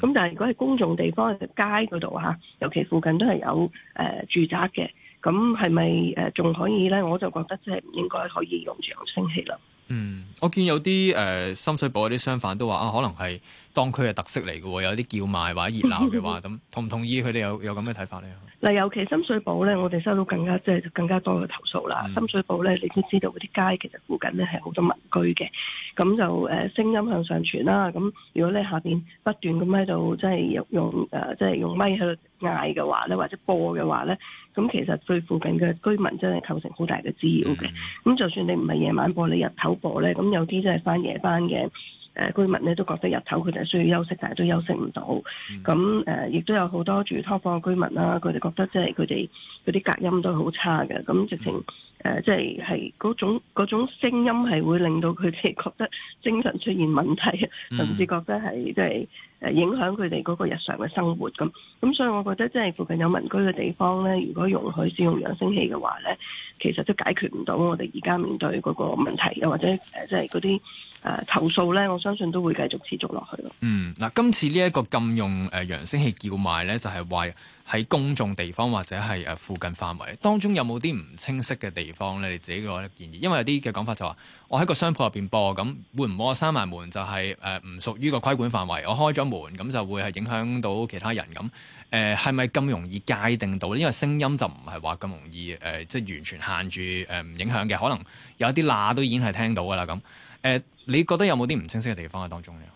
咁但係如果係公眾地方、街嗰度吓，尤其附近都係有誒、呃、住宅嘅，咁係咪誒仲可以咧？我就覺得即係唔應該可以用揚聲器啦。嗯，我見有啲誒、呃、深水埗嗰啲商販都話啊，可能係。當區嘅特色嚟嘅，有啲叫賣或者熱鬧嘅話，咁同唔同意佢哋有有咁嘅睇法咧？嗱，尤其深水埗咧，我哋收到更加即係更加多嘅投訴啦。嗯、深水埗咧，你都知道嗰啲街其實附近咧係好多民居嘅，咁就誒、呃、聲音向上傳啦。咁如果你下邊不斷咁喺度，即係用、呃、即用即係用咪喺度嗌嘅話咧，或者播嘅話咧，咁其實對附近嘅居民真係構成好大嘅滋擾嘅。咁、嗯、就算你唔係夜晚播，你日頭播咧，咁有啲真係翻夜班嘅。誒、呃、居民咧都覺得日頭佢哋係需要休息，但係都休息唔到。咁誒亦都有好多住劏房嘅居民啦，佢哋覺得即係佢哋嗰啲隔音都好差嘅。咁直情誒、嗯呃、即係係嗰種嗰種聲音係會令到佢哋覺得精神出現問題，甚至覺得係即係。嗯誒影響佢哋嗰個日常嘅生活咁，咁所以我覺得，即係附近有民居嘅地方咧，如果容許使用揚聲器嘅話咧，其實都解決唔到我哋而家面對嗰個問題，又或者誒即係嗰啲誒投訴咧，我相信都會繼續持續落去咯。嗯，嗱、啊，今次呢一個禁用誒揚聲器叫賣咧，就係話。喺公眾地方或者係誒附近範圍，當中有冇啲唔清晰嘅地方咧？你自己攞一建議，因為有啲嘅講法就話、是，我喺個商鋪入邊播咁，會唔會我閂埋門就係誒唔屬於個規管範圍？我開咗門咁就會係影響到其他人咁誒？係咪咁容易界定到？因為聲音就唔係話咁容易誒、呃，即係完全限住誒唔影響嘅，可能有啲罅都已經係聽到㗎啦咁誒？你覺得有冇啲唔清晰嘅地方喺當中咧？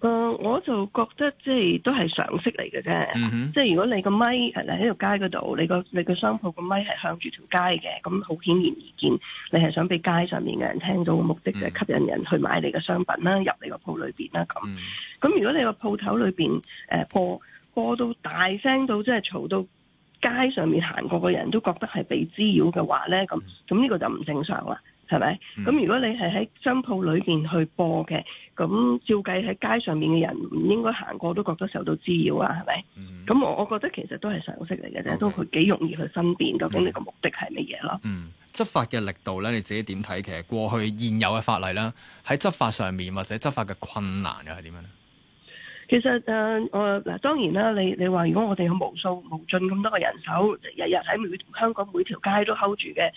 誒，uh, 我就覺得即係都係常識嚟嘅啫。Mm hmm. 即係如果你個咪係啦，喺條街嗰度，你個你個商鋪個咪係向住條街嘅，咁好顯然而見，你係想俾街上面嘅人聽到，嘅目的就係、mm hmm. 吸引人去買你嘅商品啦，入你個鋪裏邊啦咁。咁、mm hmm. 如果你個鋪頭裏邊誒播播到大聲到即係嘈到街上面行過嘅人都覺得係被滋擾嘅話咧，咁咁呢個就唔正常啦。係咪？咁、嗯、如果你係喺商鋪裏邊去播嘅，咁照計喺街上面嘅人唔應該行過都覺得受到滋擾啊？係咪？咁我、嗯、我覺得其實都係常識嚟嘅啫，Okay. 都佢幾容易去分辨究竟你個目的係乜嘢咯。嗯，執法嘅力度咧，你自己點睇？其實過去現有嘅法例啦，喺執法上面或者執法嘅困難又係點樣咧？其實誒、我、呃、嗱當然啦，你你話如果我哋有無數無盡咁多嘅人手，日日喺每條香港每條街都 hold 住嘅。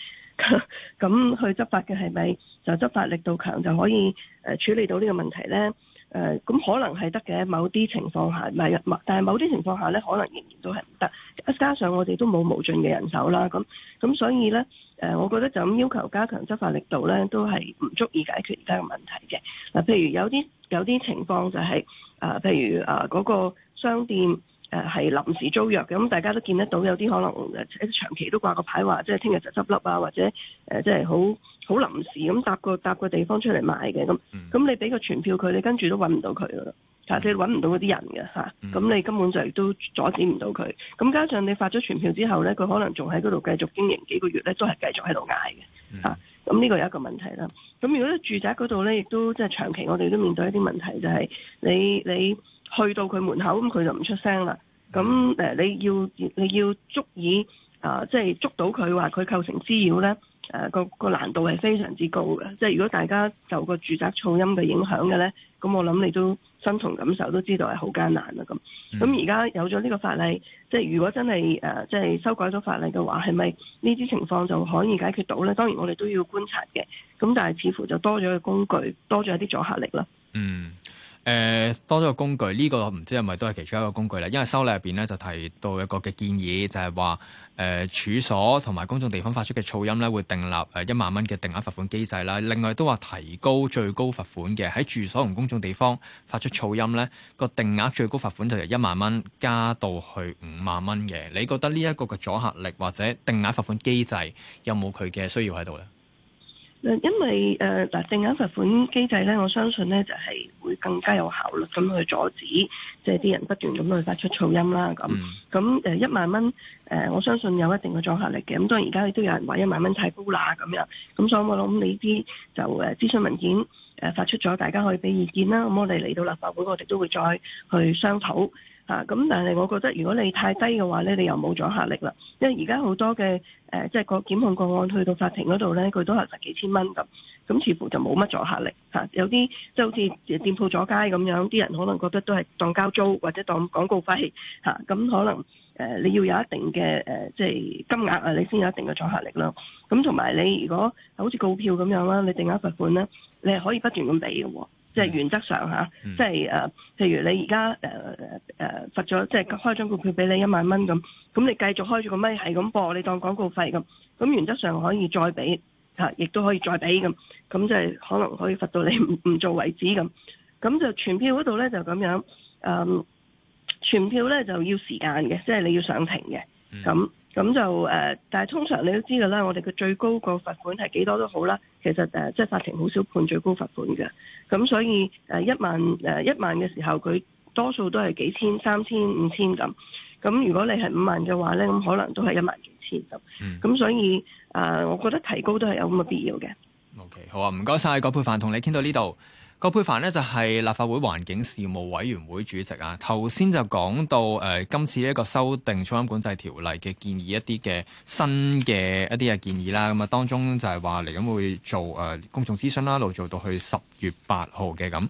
咁 *laughs* 去執法嘅係咪就執法力度強就可以誒處理到呢個問題呢？誒、呃、咁可能係得嘅，某啲情況下唔係，但係某啲情況下呢，可能仍然都係唔得。加上我哋都冇無盡嘅人手啦，咁咁所以呢，誒、呃，我覺得就咁要求加強執法力度呢，都係唔足以解決而家嘅問題嘅。嗱、呃，譬如有啲有啲情況就係、是、誒、呃，譬如誒嗰、呃嗰個商店。誒係臨時租約，咁大家都見得到有啲可能誒一啲長期都掛個牌，話即係聽日就執笠啊，或者誒即係好好臨時咁搭個搭個地方出嚟賣嘅，咁咁、嗯、你俾個傳票佢，你跟住都揾唔到佢咯，嚇、嗯啊！你揾唔到嗰啲人嘅嚇，咁、啊嗯、你根本就亦都阻止唔到佢。咁加上你發咗傳票之後咧，佢可能仲喺嗰度繼續經營幾個月咧，都係繼續喺度嗌嘅嚇。咁呢個有一個問題啦。咁如果喺住宅嗰度咧，亦都即係長期我哋都面對一啲問題，就係、是、你你。你你你你去到佢門口咁，佢就唔出聲啦。咁誒、呃，你要你要足以啊、呃，即係捉到佢話佢構成滋擾咧，誒、呃、個個難度係非常之高嘅。即係如果大家受個住宅噪音嘅影響嘅咧，咁我諗你都身同感受，都知道係好艱難啦。咁咁而家有咗呢個法例，即係如果真係誒、呃、即係修改咗法例嘅話，係咪呢啲情況就可以解決到咧？當然我哋都要觀察嘅。咁但係似乎就多咗個工具，多咗一啲阻嚇力啦。嗯。誒、呃、多咗個工具，呢、這個唔知係咪都係其中一個工具啦。因為修例入邊咧就提到一個嘅建議，就係話誒處所同埋公眾地方發出嘅噪音咧，會訂立誒一萬蚊嘅定額罰款機制啦。另外都話提高最高罰款嘅喺住所同公眾地方發出噪音咧，個定額最高罰款就由一萬蚊加到去五萬蚊嘅。你覺得呢一個嘅阻嚇力或者定額罰款機制有冇佢嘅需要喺度呢？因為誒嗱，定額罰款機制咧，我相信咧就係、是、會更加有效率咁去阻止即係啲人不斷咁去發出噪音啦咁。咁誒、呃、一萬蚊誒、呃，我相信有一定嘅阻嚇力嘅。咁當然而家亦都有人話一萬蚊太高啦咁樣。咁所以我諗你啲就誒諮詢文件。誒發出咗，大家可以俾意見啦。咁我哋嚟到立法會，我哋都會再去商討吓。咁、啊、但係我覺得，如果你太低嘅話呢，你又冇阻嚇力啦。因為而家好多嘅誒，即係個檢控個案去到法庭嗰度呢，佢都係十幾千蚊咁，咁似乎就冇乜阻嚇力吓。有啲即係好似店鋪阻街咁樣，啲人可能覺得都係當交租或者當廣告費吓。咁、啊、可能誒、呃、你要有一定嘅誒，即、呃、係、就是、金額啊，你先有一定嘅阻嚇力咯。咁同埋你如果好似告票咁樣啦，你定額罰款呢。你係可以不斷咁俾嘅喎，即係原則上嚇，即係誒，嗯、譬如你而家誒誒罰咗，即係開張告票俾你一萬蚊咁，咁你繼續開住個咪係咁播，你當廣告費咁，咁原則上可以再俾嚇，亦、啊、都可以再俾咁，咁就可能可以罰到你唔唔做為止咁，咁就傳票嗰度咧就咁樣誒、嗯，傳票咧就要時間嘅，即係你要上庭嘅咁。嗯咁就誒、呃，但係通常你都知道啦，我哋嘅最高個罰款係幾多都好啦。其實誒、呃，即係法庭好少判最高罰款嘅。咁所以誒、呃，一萬誒、呃、一萬嘅時候，佢多數都係幾千、三千、五千咁。咁如果你係五萬嘅話咧，咁可能都係一萬幾千咁。咁、嗯、所以誒、呃，我覺得提高都係有咁嘅必要嘅。OK，好啊，唔該晒。葛珮帆，同你傾到呢度。葛珮帆呢，就係、是、立法會環境事務委員會主席啊，頭先就講到誒、呃、今次呢個修訂噪音管制條例嘅建議一啲嘅新嘅一啲嘅建議啦，咁啊當中就係話嚟緊會做誒、呃、公眾諮詢啦，一路做到去十月八號嘅咁。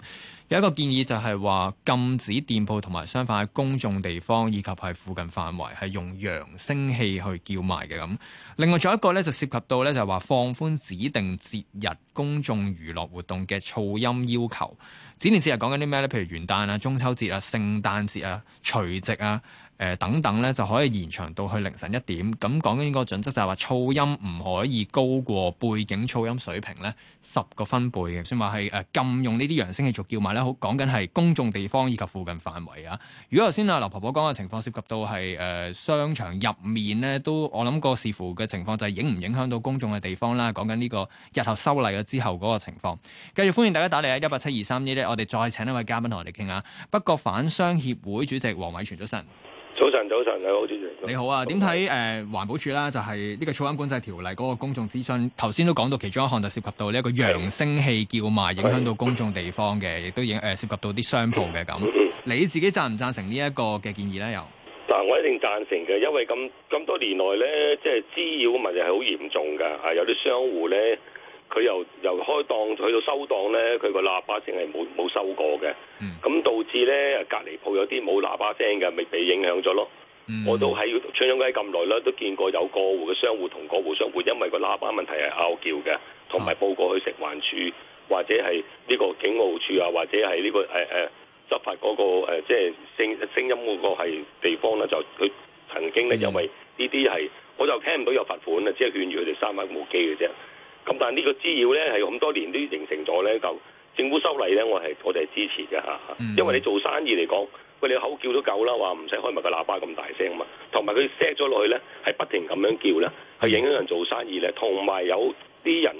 有一個建議就係話禁止店鋪同埋商販喺公眾地方以及係附近範圍係用揚聲器去叫賣嘅咁。另外仲有一個咧就涉及到咧就係話放寬指定節日公眾娛樂活動嘅噪音要求。指定節日講緊啲咩咧？譬如元旦啊、中秋節啊、聖誕節啊、除夕啊。誒等等咧，就可以延長到去凌晨一點。咁講緊呢個準則就係話噪音唔可以高過背景噪音水平咧十個分貝嘅，算話係誒禁用呢啲揚聲器做叫賣啦。好講緊係公眾地方以及附近範圍啊。如果頭先阿劉婆婆講嘅情況涉及到係誒、呃、商場入面咧，都我諗個視乎嘅情況就係影唔影響到公眾嘅地方啦。講緊呢個日後修例嘅之後嗰個情況。繼續歡迎大家打嚟啊！一八七二三一咧，我哋再請一位嘉賓同我哋傾下。北角販商協會主席黃偉泉早晨。早晨，早晨，你好，主席。你好啊，點睇？誒、呃，環保署啦，就係、是、呢個噪音管制條例嗰個公眾諮詢，頭先都講到其中一項就涉及到呢一個揚聲器叫賣，影響到公眾地方嘅，亦都影誒涉及到啲商鋪嘅咁。你自己贊唔贊成呢一個嘅建議咧？又，嗱，我一定贊成嘅，因為咁咁多年來咧，即係滋擾問題係好嚴重噶，係有啲商戶咧。佢由又開檔去到收檔咧，佢個喇、嗯、喇叭聲係冇冇收過嘅，咁導致咧隔離鋪有啲冇喇叭聲嘅，咪被影響咗咯。嗯、我都喺鵪鶉街咁耐啦，都見過有過戶嘅商戶同過戶商戶，因為個喇叭問題係拗叫嘅，同埋報過去食環處或者係呢個警務處啊，或者係呢、這個誒誒、呃呃、執法嗰、那個、呃、即係聲聲音嗰個係地方咧，就佢曾經咧，因為呢啲係我就聽唔到有罰款啊，只係勸住佢哋刪翻部機嘅啫。咁但係呢個滋擾咧係咁多年都形成咗咧，就政府修例咧，我係我哋係支持嘅吓，因為你做生意嚟講，餵你口叫都夠啦，話唔使開埋個喇叭咁大聲啊嘛，同埋佢 set 咗落去咧係不停咁樣叫咧，係影響人做生意咧，同埋有啲人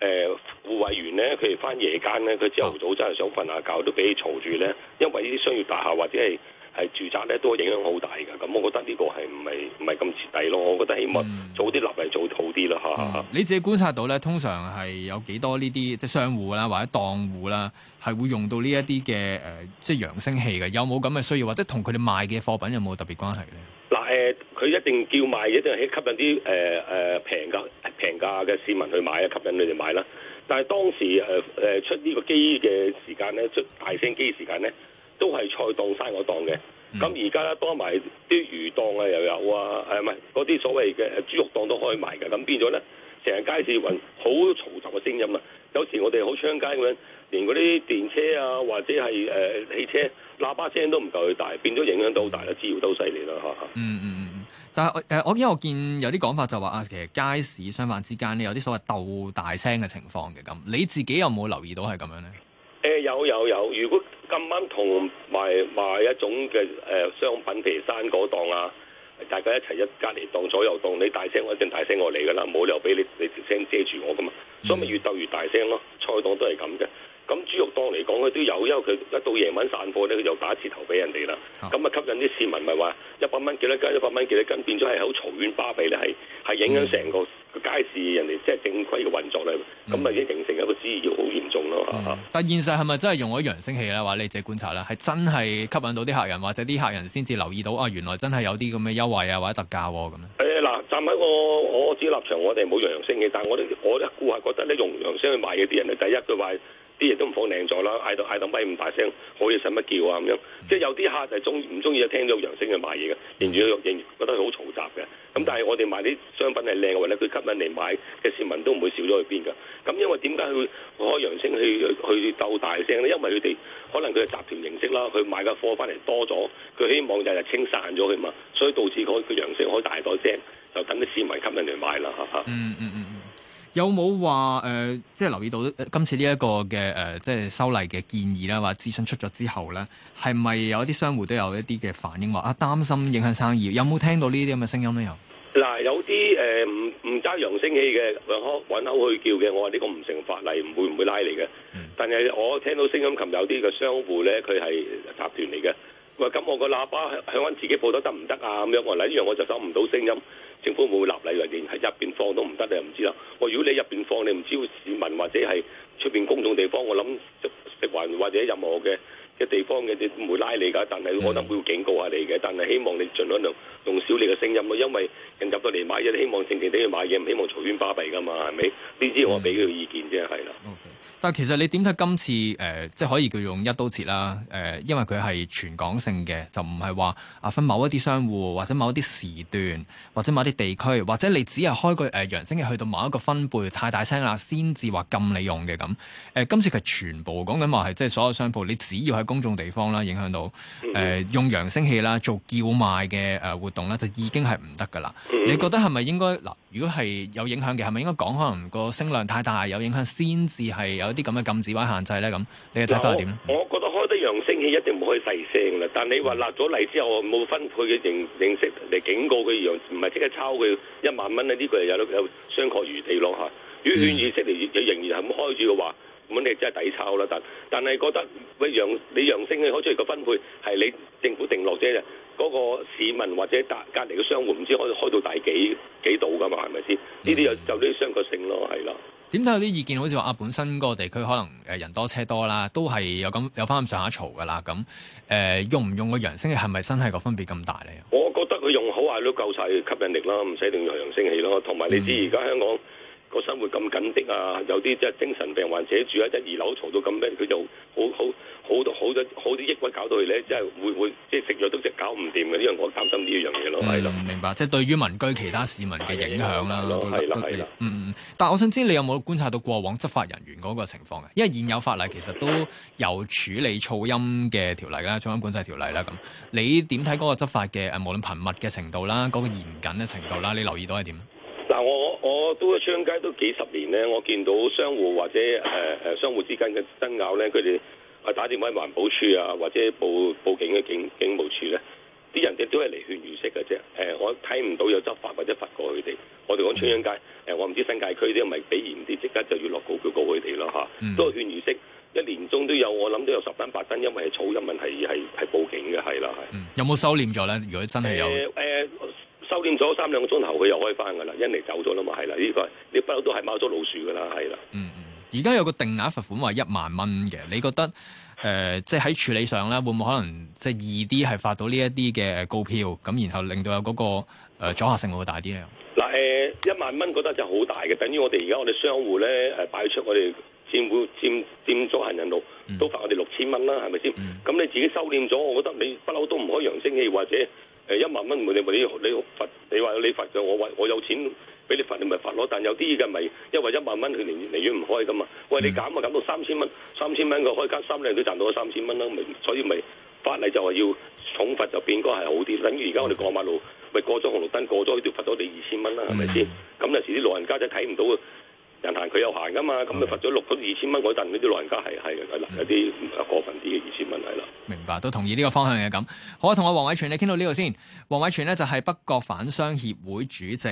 誒護衞員咧，佢哋返夜間咧，佢朝頭早真係想瞓下覺都俾你嘈住咧，因為呢啲商業大廈或者係。係住宅咧都影響好大嘅，咁我覺得呢個係唔係唔係咁徹底咯？我覺得起碼早啲立例做好啲啦嚇。嗯、 *laughs* 你自己觀察到咧，通常係有幾多呢啲即係商戶啦，或者檔戶啦，係會用到呢一啲嘅誒即係揚聲器嘅？有冇咁嘅需要，或者同佢哋賣嘅貨品有冇特別關係咧？嗱誒，佢、呃、一定叫賣，一定係吸引啲誒誒平價平價嘅市民去買啊！吸引佢哋買啦。但係當時誒誒、呃、出呢個機嘅時間咧，出大聲機嘅時間咧。都係菜檔、生果檔嘅，咁而家咧多埋啲魚檔啊，又有啊，誒唔係嗰啲所謂嘅豬肉檔都開埋嘅，咁變咗咧，成日街市混好嘈雜嘅聲音啊！有時我哋好穿街咁樣，連嗰啲電車啊，或者係誒、呃、汽車喇叭聲都唔夠佢大，變咗影響到大啦，滋擾都犀利啦嚇！嗯嗯嗯嗯，但係誒我因為、呃、我見有啲講法就話啊，其實街市商販之間呢，有啲所謂鬥大聲嘅情況嘅，咁你自己有冇留意到係咁樣咧？誒、呃、有有有,有,有,有,有，如果今晚同埋賣一種嘅誒、呃、商品，譬如生果檔啊，大家一齊一隔離檔左右檔，你大聲，我一定大聲我嚟啦，冇理由俾你你條聲遮住我噶嘛，嗯、所以咪越鬥越大聲咯。菜檔都係咁嘅，咁豬肉檔嚟講佢都有，因為佢一到夜晚散貨咧，佢就打折頭俾人哋啦，咁咪、啊、吸引啲市民咪話一百蚊幾多斤，一百蚊幾多斤，變咗係好嘈喧巴閉咧，係係影響成個。個街市人哋即係正規嘅運作咧，咁咪、嗯、已經形成一個撕裂，好嚴重咯、嗯啊、但現實係咪真係用咗啲揚聲器咧？或者你自己觀察啦，係真係吸引到啲客人，或者啲客人先至留意到啊！原來真係有啲咁嘅優惠啊，或者特價咁咧。誒嗱、嗯，站喺我我，我自己立場，我哋冇揚聲器，但係我哋我啲顧客覺得咧用揚聲去賣嘢啲人咧，第一句話。啲嘢都唔放靚咗啦，嗌到嗌到咪咁大聲，可以使乜叫啊咁樣？即係有啲客就係中唔中意啊？聽咗揚聲去賣嘢嘅，店員、店員覺得佢好嘈雜嘅。咁但係我哋賣啲商品係靚嘅話咧，佢吸引嚟買嘅市民都唔會少咗去邊㗎。咁因為點解佢開揚聲去去鬥大聲咧？因為佢哋可能佢係集團形式啦，佢買嘅貨翻嚟多咗，佢希望日日清散咗佢嘛，所以導致佢佢揚聲開大咗聲，就等啲市民吸引嚟買啦嚇嗯嗯嗯。哈哈 *noise* 有冇話，誒，即係留意到今次呢一個嘅誒、呃，即係修例嘅建議啦，或諮詢出咗之後咧，係咪有一啲商戶都有一啲嘅反應，話啊擔心影響生意？有冇聽到呢啲咁嘅聲音咧？有嗱、嗯，有啲誒，唔唔揸揚聲器嘅，搵口去叫嘅，我話呢個唔成法例，唔會唔會拉你嘅。但係我聽到聲音，琴日有啲嘅商戶咧，佢係集團嚟嘅。咁我個喇叭響響響自己舖度得唔得啊？咁樣，我嗱，呢樣我就收唔到聲音，政府會唔會立例為連喺入邊放都唔得咧？你唔知啦。我如果你入邊放，你唔知道市民或者係出邊公眾地方，我諗食食環或者任何嘅。嘅地方嘅，你唔會拉你㗎，但係可能會警告下你嘅。但係希望你儘量用少啲嘅聲音，因為人入到嚟買嘢，希望靜靜地去買嘢，唔希望嘈喧巴閉㗎嘛，係咪？呢啲我俾佢個意見啫，係啦、嗯。的 okay. 但係其實你點睇今次？誒、呃，即係可以叫用一刀切啦。誒、呃，因為佢係全港性嘅，就唔係話啊分某一啲商戶，或者某一啲時段，或者某一啲地區，或者你只係開個誒揚聲器，呃、去到某一個分貝太大聲啦，先至話禁你用嘅咁。誒、呃，今次佢全部講緊話係即係所有商鋪，你只要係。公眾地方啦，影響到誒用揚聲器啦，做叫賣嘅誒活動啦，就已經係唔得噶啦。Mm hmm. 你覺得係咪應該嗱？如果係有影響嘅，係咪應該講，可能個聲量太大有影響，先至係有啲咁嘅禁止或者限制咧？咁你嘅睇法係點咧？我覺得開得揚聲器一定唔可以細聲嘅，但你話立咗例之後冇分配嘅認識嚟，警告佢，揚唔係即刻抄佢一萬蚊呢，呢個又有有商榷餘地咯吓。如果勸意識嚟，仍然係咁開住嘅話。咁你真係抵抽啦，但但係覺得喂揚你揚聲器開出嚟個分配係你政府定落啫，嗰、那個市民或者隔隔離嘅商戶唔知開開到第幾幾度㗎嘛？係咪先？呢啲、嗯、有有啲相對性咯，係啦。點解有啲意見好似話啊，本身個地區可能誒人多車多啦，都係有咁有翻咁上下嘈㗎啦。咁誒、呃、用唔用個揚聲器係咪真係個分別咁大咧？我覺得佢用好係都夠晒吸引力啦，唔使定用揚聲器咯。同埋你知而家香港、嗯。個生活咁緊迫啊！有啲即係精神病患者住喺一二樓，嘈到咁咩？佢就好好好多好咗，好啲抑鬱搞到你咧，即係會會即係食藥都食搞唔掂嘅。呢樣我擔心呢一樣嘢咯，係啦，唔明白，即係對於民居其他市民嘅影響啦，係啦，係啦。但係我想知你有冇觀察到過往執法人員嗰個情況啊？因為現有法例其實都有處理噪音嘅條例啦，噪音管制條例啦。咁你點睇嗰個執法嘅？誒，無論頻密嘅程度啦，嗰個嚴謹嘅程度啦，你留意到係點？嗱，我我都喺昌街都幾十年咧，我見到商戶或者誒誒、呃、商戶之間嘅爭拗咧，佢哋啊打電話喺環保署啊，或者報報警嘅警警務處咧，啲人哋都係嚟勸喻式嘅啫。誒、呃，我睇唔到有執法或者罰過佢哋。我哋講昌街，誒、呃，我唔知新界區啲咪俾嚴啲，即刻就要落告告告佢哋咯嚇。啊嗯、都係勸喻式，一年中都有，我諗都有十單八單，因為嘈音問題係係係報警嘅，係啦，係、嗯。有冇收斂咗咧？如果真係有誒、呃呃呃收斂咗三兩個鐘頭，佢又可以翻噶啦，因嚟走咗啦嘛，係啦，呢個你不嬲都係貓捉老鼠噶啦，係啦。嗯嗯，而家有個定額罰款話一萬蚊嘅，你覺得誒、呃，即係喺處理上咧，會唔會可能即係易啲係發到呢一啲嘅告票，咁然後令到有嗰、那個、呃、阻嚇性會大啲啊？嗱誒、嗯，一萬蚊覺得就好大嘅，等於我哋而家我哋商戶咧誒擺出我哋佔佔佔咗行人路都罰我哋六千蚊啦，係咪先？咁你自己收斂咗，我覺得你不嬲都唔可以揚聲器或者。誒、欸、一萬蚊，你你你罰，你話你罰就我喂，我有錢俾你罰，你咪罰咯。但有啲嘅咪因為一萬蚊佢寧願寧願唔開噶嘛。喂，你減咪、啊、減到三千蚊，三千蚊佢開間心兩都賺到三千蚊啦，咪所以咪法例就話要重罰就變嗰係好啲，等於而家我哋過馬路咪 Okay. 過咗紅綠燈，過咗呢就罰咗你二千蚊啦，係咪先？咁有時啲老人家仔睇唔到啊！人行佢又行噶嘛，咁就罰咗六咗二千蚊陣，呢啲老人家係係，嘅啦，有啲、嗯、過分啲嘅二千蚊係啦。明白，都同意呢個方向嘅咁。好啊，我同阿黃偉泉你傾到呢度先。黃偉泉咧就係、是、北角販商協會主席。